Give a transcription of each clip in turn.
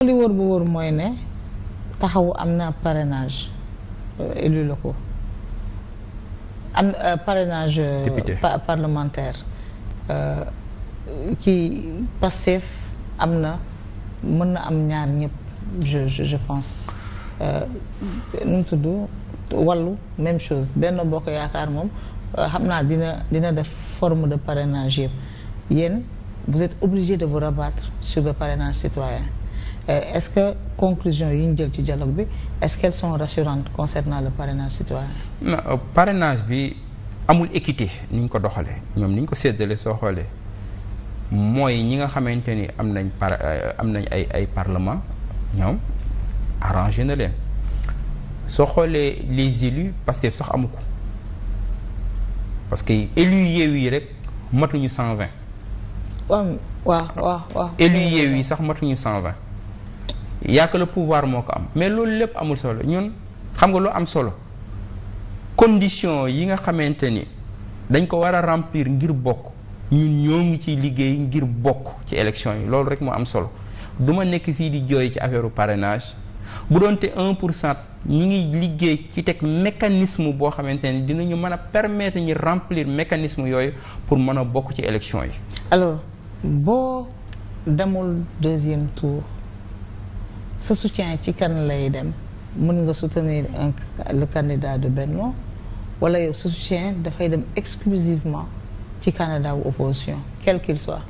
li bu wóor mooy ne taxawu am na parrainage euh, élus locaux am euh, parrainage euh, parlementaire kii Pastef am na mën na am ñaar ñëpp je je pense nu tudd wàllu même chose benn bokk yaakaar moom xam naa dina dina def forme de parrainage yëpp yéen vous êtes obligé de vous rabattre sur le parrainage citoyen Euh, est-ce que conclusion yi ñu jël ci dialogue bi est-ce qu'elles sont rassurantes concernant le parrainage citoyen non euh, parrainage bi amul équité ni ñu ko doxalee ñoom ni ñu ko séddale soo xoolee mooy ñi nga xamante ni am nañ par euh, am nañ ay ay parlement ñoom arrangé na leen soo xoolee les élus Pastef sax amu ko parce que élus Yewwi yi rek matuñu cent vingt waaw waaw élus Yewwi yi sax matuñu cent vingt yaa le pouvoir moo ko am mais loolu lépp amul solo ñun xam nga lu am solo condition yi nga xamante ni dañ ko war a remplir ngir bokk ñun ñoo ngi ciy liggéey ngir bokk ci élection yi loolu rek moo am solo du ma nekk fii di jooy ci affaire parrainage bu doonte un pour cent ñu ngi liggéey ci teg mécanisme boo xamante ne dinañu mën a permettre ñu remplir mécanisme yooyu pour mën a bokk ci élection yi. alors boo demul deuxième tour. sa soutien ci kan lay dem mën nga soutenir un le candidat de Benno wala yow sa soutien dafay dem exclusivement ci candidat wu opposition quel qu'il soit.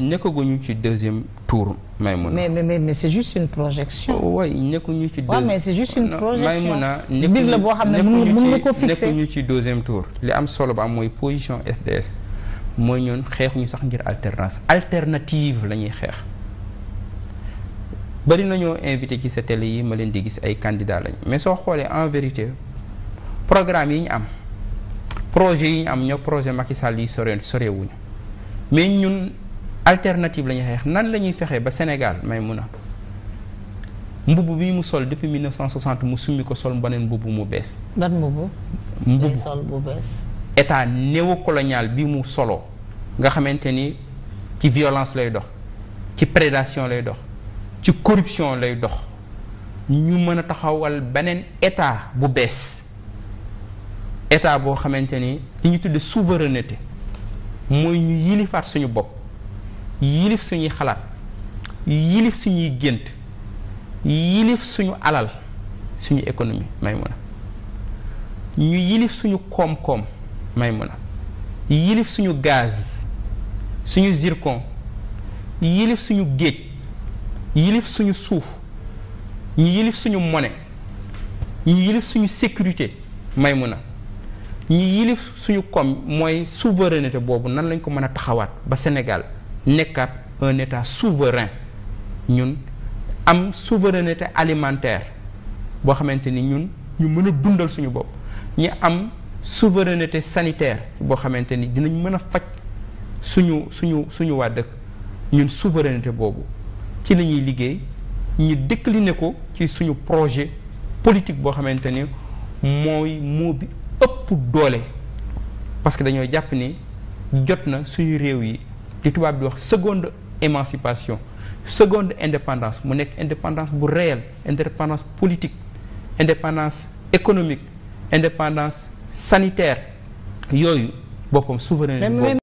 nekkaguñu ci deuxième tour. Maïmouna mais mais mais c'est juste une projection. waay nekkuñu ci. deuxième mais c'est juste une projection oh, mbir la boo xam ne mën nga ko ci deuxième tour. li am solo ba am mooy position FDS mooy ñoon xeex ñu sax ngir alternance alternative la ñuy xeex. bëri nañoo invité ci sa télé yi ma leen di gis ay candidats lañ mais soo xoolee en vérité programme yi ñu am projet yi ñu am ñoo projet Macky Sall yi sore sorewuñu mais ñun alternative la ñuy xeex nan la ñuy fexee ba Sénégal may mun a mbubb bi mu sol depuis 1960 mu summi ko sol beneen mbubb mu bees. ban mbubb. mbubb sol bu bees. état néocolonial bi mu solo nga xamante ni ci violence lay dox ci prédation lay dox. ci corruption lay dox ñu mën a taxawal beneen état bu bees état boo xamante ni li ñu tudde souveraineté mooy ñu yilifaat suñu bopp yilif suñuy xalaat yilif suñuy gént yilif suñu alal suñu économie may mun a ñu yilif suñu koom-koom may mun a yilif suñu gaz suñu zircon yilif suñu géej yilif suñu suuf ñu yilif suñu mone ñu yilif suñu sécurité may mun a ñi yilif suñu koom mooy souveraineté boobu nan lañ ko mën a taxawaat ba Sénégal nekkaat un état souverain ñun am souveraineté alimentaire boo xamante ni ñun ñu mën a dundal suñu bopp ñi am souverainété sanitaire boo xamante ni dinañ mën a faj suñu suñu suñu waa dëkk ñun souveraineté boobu ci la ñuy liggéey ñu décliner ko ci suñu projet politique boo xamante ne mooy moo bi ëpp doole parce que dañoo jàpp ni jot na suñu réew yi di tubaab di wax seconde émancipation segond indépendance mu nekk indépendance bu réel indépendance politique indépendance économique indépendance sanitaire yooyu boppam souveraineté